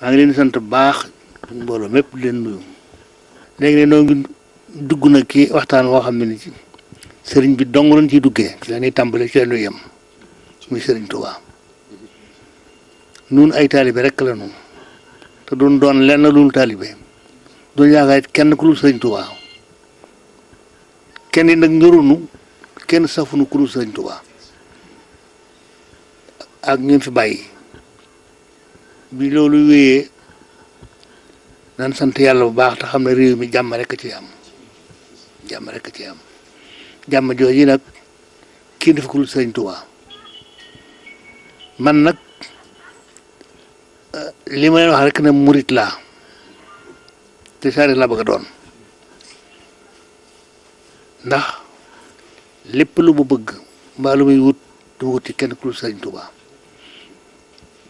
maa ngi leen di sant bu baax mbooloo mépp di leen nuyu léegi ne dugg na kii waxtaan woo xam ne ni ci sëriñ bi dong lañ ciy duggee ci la ñuy tàmbale ci la ñuy yem muy sëriñ Tuubaa nun ay taalibe rekk la nun te duñ doon lenn lu dul taalibe duñ yaakaar kenn ku dul sëriñ Tuubaa kenn nag ñorunu kenn safunu ku dul sëriñ Tuubaa ak ñun fi bàyyi bi loolu wéyee nan sant yàlla bu baax te xam ne réew mi jàmm rekk ci am jàmm rekk ci am jàmm jooju nag kii def ku lu sëriñ Tuubaa man nag euh, li ma leen wax rekk ne murit laa te saari laa bëgg a doon ndax lépp lu mu bëgg mbaa lu muy wut du ma wut ci kenn ku lu sëriñ Tuubaa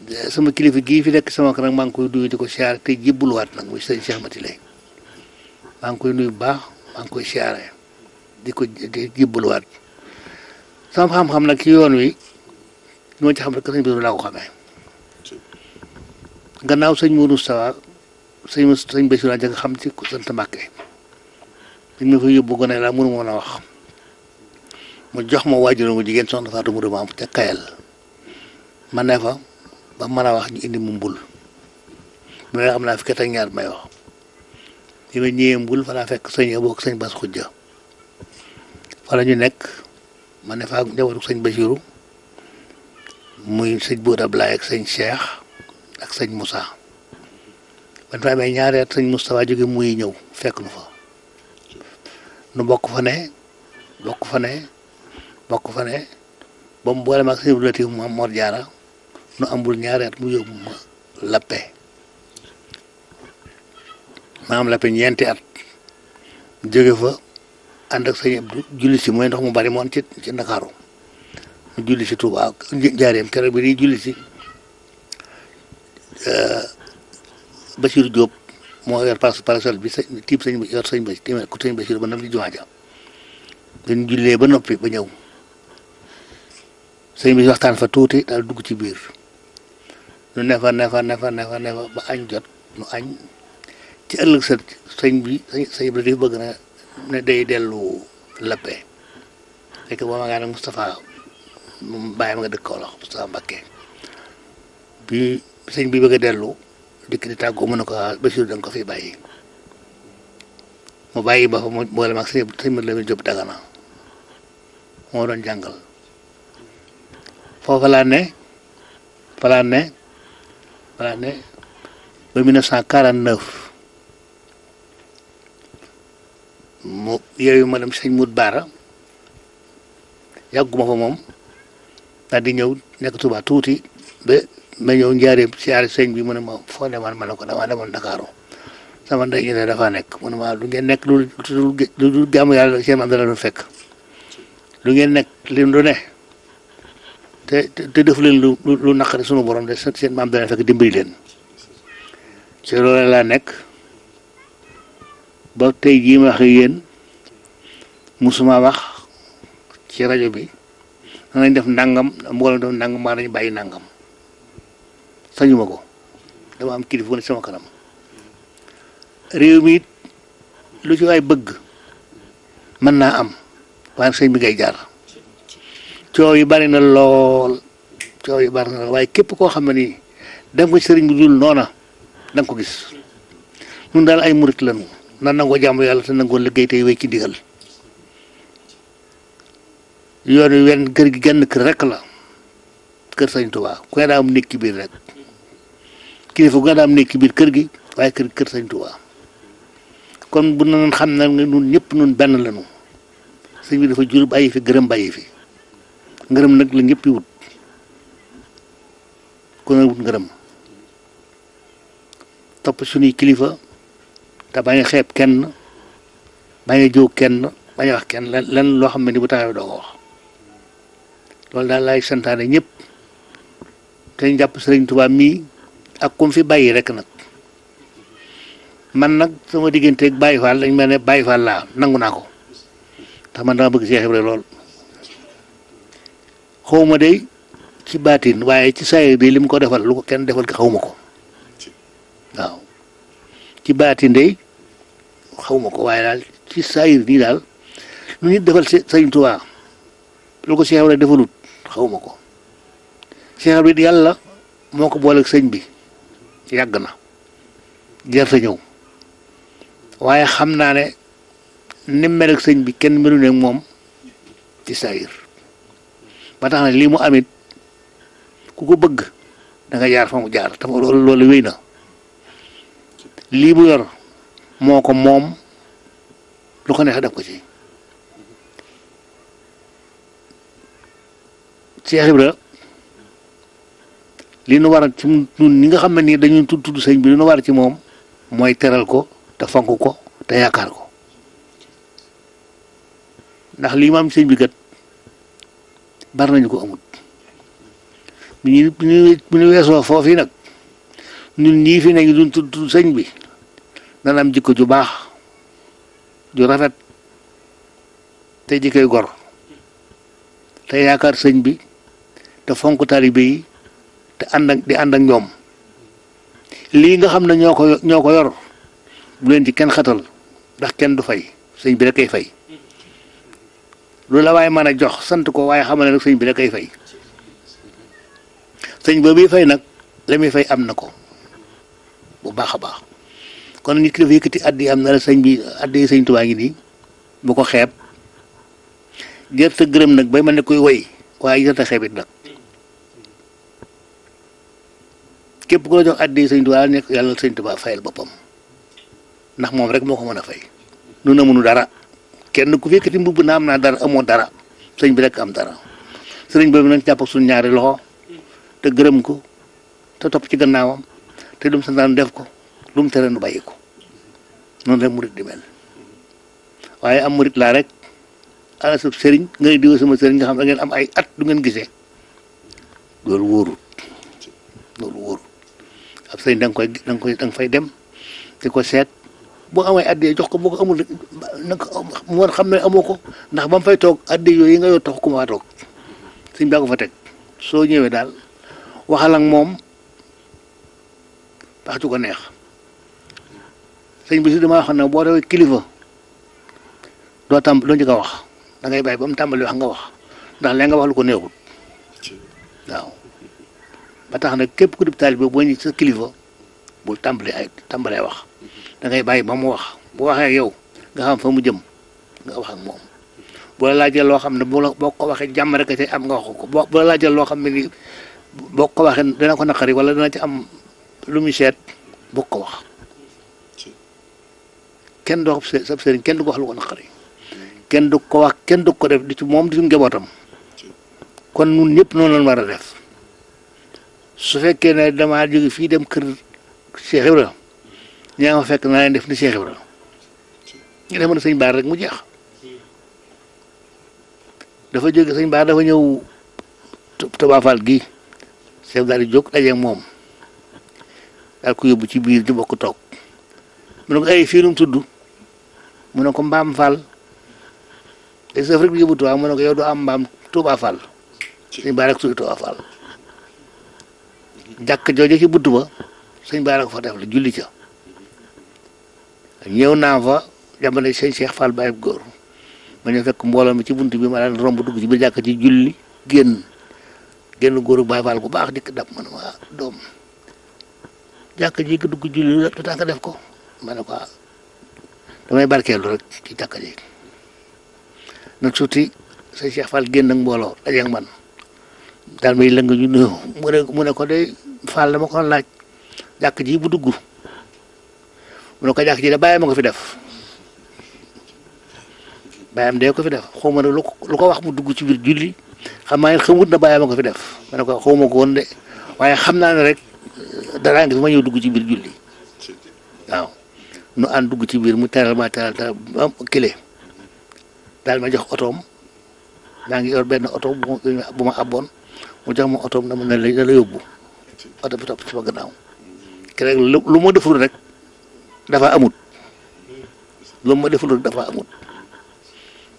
sama kilifa gii fi nekk sama kanam maa ngi koy nuyu di ko siyaare te jébbaluwaat nag muy sëñ koy bu baax maa ngi koy siyaare ko di jébbaluwaat sama xam-xam nag ci yoon wi li ci xam ne sëñ Basiru ko xamee gannaaw sëñ Mourou Moustapha sëñ sëñ Basiru laa xam ci sant Mbàkke dañ ma fa yóbbu gone laa mënu moon a wax mu jox ma waajur mu jigéen soxna Fatou Mourou Maam ca Kayal ma ba man a wax ñu indi mu mbul ma xam naa fukki at ak ñaar may wax ma ñëwee mbul fa fekk sëñ Abo ak sëñ Bas Xujja fa ñu nekk ma ne faa njabootu sëñ Basiru muy sëñ Buur Ablaay ak sëñ seex ak sëñ Moussa ban fa amee ñaari at sëñ Moustapha jóge muy ñëw fekk nu fa nu bokk fa ne bokk fa ne bokk fa ne ba mu boole ma ak sëñ Abdou Latif Jaara nu ambul ñaari at mu yóbbu ma lappe ma am lappe ñeenti at jóge fa ànd ak sëñ Abdou julli si mooy ndox mu bari moon ci Ndakaaru mu julli si Touba jaareem keroog bi di julli si euh, Bachir Diop moo yor pass parasol bi sa tiib sëñ yor sëñ ba tiim ba di jumaa ja dañ ba noppi ba ñëw sëñ bi waxtaan fa tuuti daal dugg ci biir nu nefa nefa nefa nefa nefa ba añ jot nu añ ci ëllëg sa sëñ bi sëñ bi dafa bëgg na ne day dellu Lappé fekk boo ma ngaa ne Moustapha moom bàyyi nga dëkk Kaolack Moustapha Mbacké bi sëñ bi bëgg a dellu dikk di tàggoo mu ne ko ah Bachir da nga ko fi bàyyi mu bàyyi ba fa mu boole mag sëñ sëñ bi la muy dagana moo doon jàngal foofa laa ne fa laa ne par année ba 1949 mu yooyu ma dem sëñ Mout Baara yàgguma fa moom daal di ñëw nekk Touba tuuti ba ma ñëw njaareem siyaare sëñ bi mu ne foo demaan ma ne ko damaa demoon sama ndey ñu ne dafaa nekk mu lu ngeen nekk lu lu lu jàmm yàlla seen am dana fekk lu ngeen nekk lim du te te def leen lu lu naqari sunu borom de seen maam dana fekk dimbali leen ci loolu laa nekk ba tey jii ma wax yéen musuma wax ci rajo bi nañ def nangam mboolem def nangam maa nañ bàyyi nangam sañu ko dama am kilifa ne sama kanam réew mi it lu ci waay bëgg mën naa am waaye sëñ bi ngay jaar. coow yi bari na lool coow yi bari lool waaye képp koo xam ne nii dem ko sëriñ bu dul noona da ko gis ñun daal ay murit lañu nan nangoo jàmm yàlla te nangoo liggéey tey wéy ci digal yoon wenn kër gi genn kër rek la kër Sëriñ Tuubaa kilifa gu ne biir kër gi waaye kër kër Sëriñ kon bu na noon xam ne nun ñëpp nun benn lañu sëñ bi dafa jur bàyyi fi gërëm bàyyi fi ngërëm nag la ñëpp wut ku ne wut ngërëm topp suñuy kilifa te bañ a xeeb kenn bañ a jóg kenn bañ a wax kenn lan loo xam ne ni bu taxawee doo ko wax loolu daal lay santaane ñëpp te ñu jàpp sëriñ Tuubaa mii ak kom fi bàyyi rekk nag man nag sama digganteeg Baye Fall dañ mel ne Baye Fall nangu naa ko ndax man dama bëgg Cheikh Ibrahima lool. xawma day ci baatin waaye ci saye bi lim ko defal lu ko kenn defal ki xawma ko waaw ci baatin day xawma ko waaye daal ci saayir nii daal lu nit defal Sëriñ Tuubaa lu ko Cheikh Ibra defalut xawma ko Cheikh Ibra yàlla moo ko booleeg sëñ bi yàgg na jar sa ñëw waaye xam naa ne ni mel sëñ bi kenn melu ne moom ci saayir ba tax na lii mu amit ku ko bëgg danga nga jaar fa mu jaar te loolu loolu wéy na lii bu yor moo ko moom lu ko neex def ko ci Cheikh Ibra lii nu war a ci nga xam ne nii dañuy tudd tudd sëñ bi ci moom mooy teral ko te fonk ko te yaakaar ko ndax lii mu am sëñ bi kat bari nañu ko amut bu ñu bu ñu weesoo foofu nag ñun ñii fi nekk duñ tudd sëñ bi dana am jikko ju baax ju rafet te jikkoy gor te yaakaar sëñ bi te fonk taalibe yi te ànd ak di ànd ñoom lii nga xam ne ñoo ko ñoo ko yor bu leen ci kenn xatal ndax kenn du fay sëñ bi rek kay fay. lu la waaye mën a jox sant ko waaye xamal ne nag sëñ bi da koy fay sëñ ba bi fay nag la muy fay am na ko bu baax a baax kon nit ki dafa yëkkati addi am na la sëñ bi addi sëñ Tuubaa ngi nii bu ko xeeb jër sa gërëm nag bay mën ne koy woy waaye jër sa xeebit nag képp ku la jox addi sëñ nekk yàlla sëñ Tuubaa fayal boppam ndax moom rek moo ko mën a fay nu na mënu dara kenn ku ti mbubb na am naa dara amoo dara sëñ bi rek am dara sëriñ boobu nañ jàpp suñu ñaari loxo te gërëm ko te topp ci gannaawam te lu mu santaan def ko lu mu tere nu bàyyi ko noonu rek murit di mel waaye am murit laa rek ala sab sëriñ nga ne diwa sama sëriñ nga xam da ngeen am ay at du ngeen gisee loolu wóorut loolu wóorut ab sëriñ da koy da fay dem di ko seet boo amee addee jox ko boo ko xam ne amoo ko ndax ba fay toog addee yooyu nga yoo tax ku ma toog suñ baa ko fa teg soo ñëwee daal waxal moom wax du ko neex sëñ bi si damaa xam ne boo dee kilifa doo tàmb doo njëkk a wax dangay ngay bàyyi ba mu tàmbali wax nga wax ndax léegi nga wax lu ko neexul waaw ba tax na képp ku dib taalibe boo ñëw sa kilifa bul tàmbali ay tàmbalee wax. dangay bàyyi ba mu wax bu waxee yow nga xam fa mu jëm nga wax ak moom bu la laajee loo xam ne bu la boo ko waxee jàmm rek ci am nga wax ko boo bu la laajee loo xam ne nii boo ko waxee dana ko naqari wala dana ci am lu muy seet bu ko wax kenn doo sa kenn du ko wax lu ko naqari kenn du ko wax kenn du ko def di ci moom di ci njabootam kon nun ñépp noonu lañ war a def su fekkee ne damaa jóge fii dem kër Cheikh Ibrahima ñaa nga fekk naa leen def ni Cheikh Ibrahima ñu rek mu jeex dafa jóge sëñ Baar dafa ñëw Tobaafal gi chef daal di jóg daje moom daal ko yóbbu ci biir di bokk toog mu ne ko ay fii nu tudd mu ne ko Mbaam Fall léegi sa Afrique bi yóbbu Tuubaa mu ne ko yow doo am Mbaam Tuubaa Fall jooje ci bunt ba sëñ Baar ko fa def la julli ca. ñëw naa fa jamono sëñ seex Fall Baye góor ma ñëw fekk mbooloo mi ci bunt bi ma daan romb dugg ci biir jàkk ji julli génn génn góoru Baye Fall bu baax dikk dab ma ne waa ah, doom jàkk ji dugg julli lu tax nga def ko ma ko ah, damay barkeelu rek ci jàkk ji nag suuti sëñ Cheikh Fall génn mbooloo daje ak man daal may lëng ñu nuyoo mu ne ko de Fall dama ko laaj jàkk ji bu dugg mu ne ko jàkk ji de bàyyi ma ko fi def bàyyam dee ko fi def xaw ma ne lu ko wax mu dugg ci biir julli xam naa ne xamut na bàyyi ma ko fi def ma ne ko xaw ko woon waaye xam naa ne rek euh, daraa ngi fi ma ñëw dugg ci biir julli waaw nu ànd dugg ci biir mu teral ma teral daal ma jox otom maa ngi yor benn oto bu ma abboon mu jox ma na dama ne la la yóbbu oto bi topp ci ma gannaaw kii rek lu ma deful rek. dafa amut lu ma deful dafa amut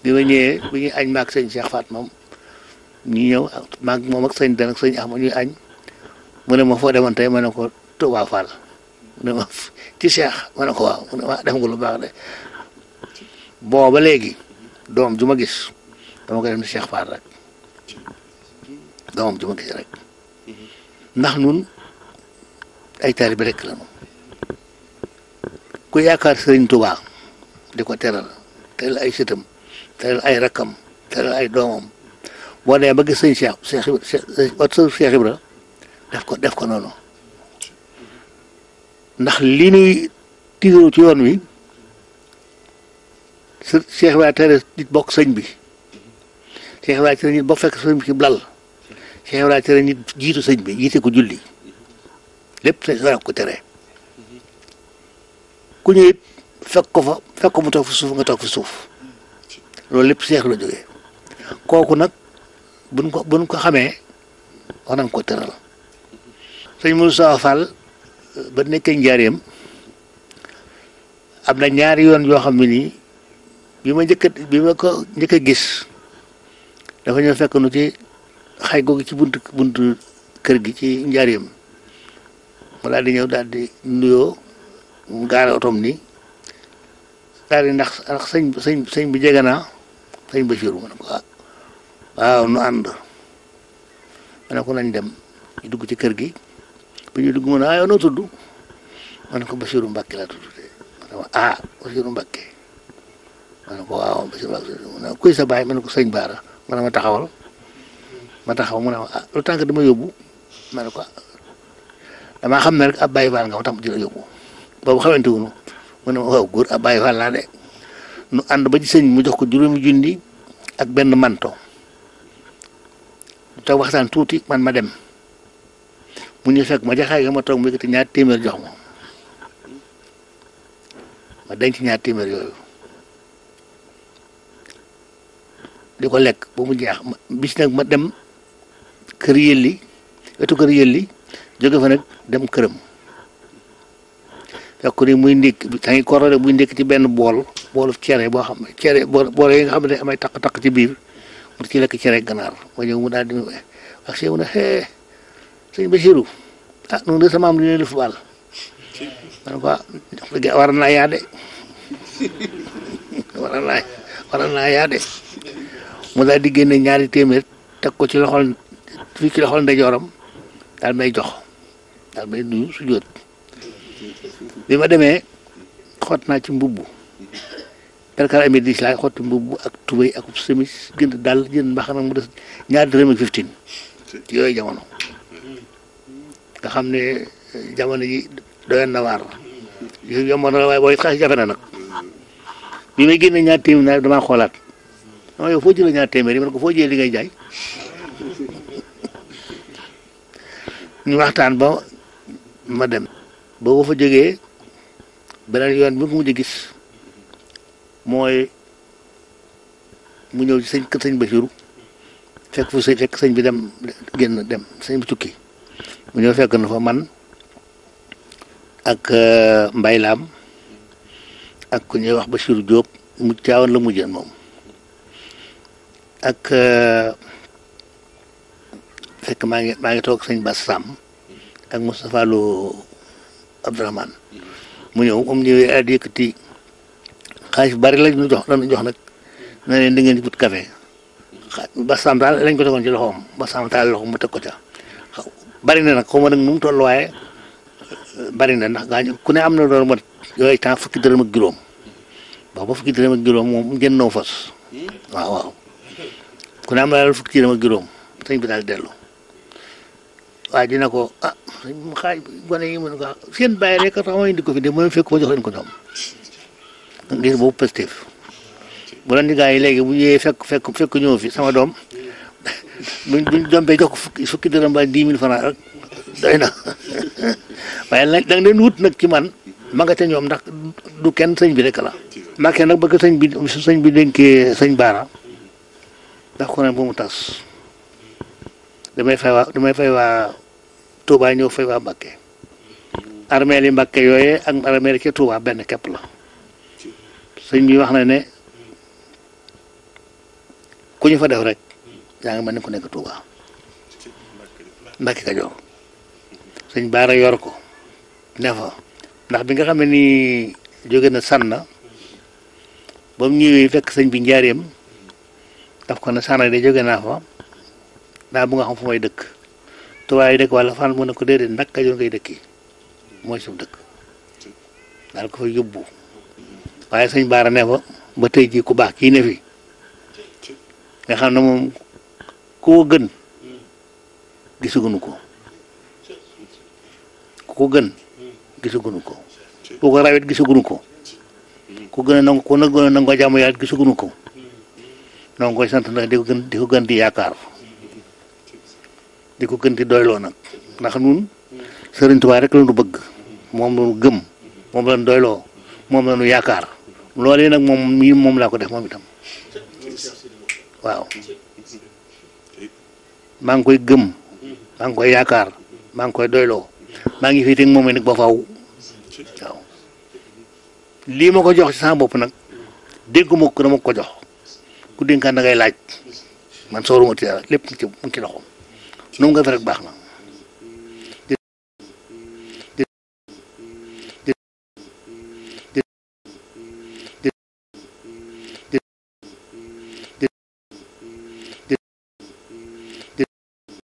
bi ma ñëwee bi ñuy añ maag sëñ Cheikh Fatma ñu ñëw maag moom ak sëñ Dan ak ax ma ñuy añ mu ne ma foo demoon tey ma ne ko Touba Fall mu ne ma ci Cheikh ma ne ko waaw mu ne ma def nga lu baax de booba léegi doom ju ma gis dama ko dem ci Cheikh Fall rek doomam ju gis rek ndax nun ay taalibe rek la moom ko yaakaar sëriñ Tuubaa di ko teral la ay sëtam teral ay rakkam teral ay doomam boo dee ba gis sëñ Cheikh Cheikh Ibra bi Ibra def ko def ko noonu ndax li nuy tiiru ci yoon wi së Cheikh Ibra tere nit bokk sëñ bi Cheikh Ibra tere nit bokk fekk sëñ bi ci blal Cheikh tere nit jiitu sëñ bi jiite ko julli lépp sëñ ko tere ku ñëw it fekk ko fa fekk ko mu toog fi suuf nga toog fi suuf loolu lépp seex la jógee kooku nag buñ ko buñ ko xamee wax nañ ko tëral sëñ Moussa Fall ba nekkee njaareem am na ñaari yoon yoo xam ne nii bi ma njëkk bi ma ko njëkk a gis dafa ñëw fekk nu ci xay googu ci buntu buntu kër gi ci njaareem ma di ñëw daal di nuyoo. mu gaare otoom nii daal di ndax ndax sëñ sëñ sëñ bi jege naa sëñ Bachir mu ko ah, waaw nu ànd ma ne ko nañ dem dugg ci kër gi bi ñu dugg mu ne ah yow tudd ma ne ko Bachir Mbacke laa tudd de ko ah Bachir Mbacke ma ne waaw ma ne ma ne ma taxawal ma ah lu tànk dama yóbbu ma ne ko ah, damaa xam ne rek ab bàyyi baal nga ma tax ma jël yóbbu. boobu xamante wu ñu mu ne ma waaw góor ab ah, bàyyi faal laa de nu ànd ba ci sëñ mu jox ko juróomi junni ak benn manto te waxtaan tuuti man ma dem mu ñu fekk ma jaxaay ga ma toog mu yëkkati ñaar jox ma ma denc ñaar téeméer yooyu di ko lekk ba mu jeex bis nag ma dem kër yëlli wetu kër yëlli jóge fa nag dem këram fekk ni muy ndikk da ngay korole buy ndékk ci benn bool boolu cere boo xam ne cere bool yi nga xam ne amay taq takk ci biir mu ci lekk cere ganaar ma ñëw mu daal di ak ah, si mu ne xee sëñ Bachirou ah noonu de sama am ah, war naa yaa de mu daal di génne ñaari téeméer teg ko ci loxol fii ci loxol ndeyjooram daal may jox daal may nuyu su bi ma demee xot naa ci mbubb perkar amee diis laay xotti mbubb ak tubéy ak semis gën dal jën mbaxana mu des ñaar dërëm ak fifteen yooyu jamono nga xam ne jamono ji doyoon na waar yomboon na waaye booy xaas jafe na nag bi may génne ñaar téeméer naa damaa xoolaat dama yow foo jëlee ñaar téeméer yi man ko foo jëlee li ngay jaay ñu waxtaan ba ma dem boo fa jógee beneen yoon bi nga ko gis mooy mu ñëw ci sëñ kër sëñ Basiru fekk fu sëñ sëñ bi dem génn dem sëñ bi tukki mu ñëw fekk na fa man ak euh, mbaylaam ak ku ñuy wax Basiru Jóob mu caawoon la mujjeen moom ak euh, fekk maa ngi maa ngi toog sëñ Bas Sam ak Moustapha Lo Abdourahmane mu ñëw comme ñëwee daal di yëkkati xaalis bu bari lañ ñu jox lañ jox nag na leen di ngeen di wut café ba samtaal lañ ko tegoon ci loxoom ba samtaal loxoom bari na nag xaw ma nag nu mu toll waaye euh, bari na ndax gaañ ku ne am na loolu mat yooyu temps fukki dërëm ak juróom ba ba fukki dërëm ak juróom moom génnoo fas hmm? waaw waaw ku ne am na loolu fukki dërëm ak juróom sëñ bi daal dellu. waa ji ko ah mu xaaj gone yi mën ko seen bàyyi rek tax ma indi ko fi de ma fekk ma jox leen ko ñoom ngir boobu positif bu la yi léegi bu ñëwee fekk fekk fekk ñëw fi sama doom buñ buñ dompee jox ko fukki fukki dërëm ba dix mille rek doy nag da nga wut nag ci man ma nga ca ñoom ndax du kenn sëñ bi rek la. nag bëgg sëñ bi su sëñ bi dénkee sëñ baara ndax ko ne bu mu tas. damay fay waa damay fay waa Touba ñëw fay waa Mbakke armeel yi Mbakke yooyee ak armeel yi ca Touba benn képp la sëñ bi wax na ne ku ñu fa def rek yaa ngi mel ni ku nekk Touba Mbakke Kajoor sëñ Baara yor ko ne fa ndax bi nga xam ne nii jóge na sànna ba mu ñëwee fekk sëñ bi njaareem daf ko ne sànna de jóge naa fa. daal bu nga xam fu may dëkk tubaab yi dëkk walla fan mu ne ko déedéet nag kajoor ngay dëkki mooy suuf dëkk daal ko fa yóbbu waaye sëñ baara ne fa ba tey jii ku baax kii ne fi nga xam ne moom koo gën gisugunu ko ku ko gën gisugunu ko ku ko rawet gisugunu ku gën a nangu ku na gën a nangu jàmm yàlla ko donc koy sant nag di ko gën di yaakaar di ko gën di doyloo nag ndax nun sëriñ Tuubaa rek la ñu bëgg moom la ñu gëm moom la ñu doyloo moom la ñu yaakaar nag moom mii moom laa ko def moom itam maa ngi koy gëm koy yaakaar maa ngi koy doyloo maa ngi fi teg moom nag ba faw lii ma ko jox ci bopp nag déggu ma ko dama ko jox ku dénkaan da laaj man sooruma ci lépp mu ci mu ci loxoom nu mu nga baax na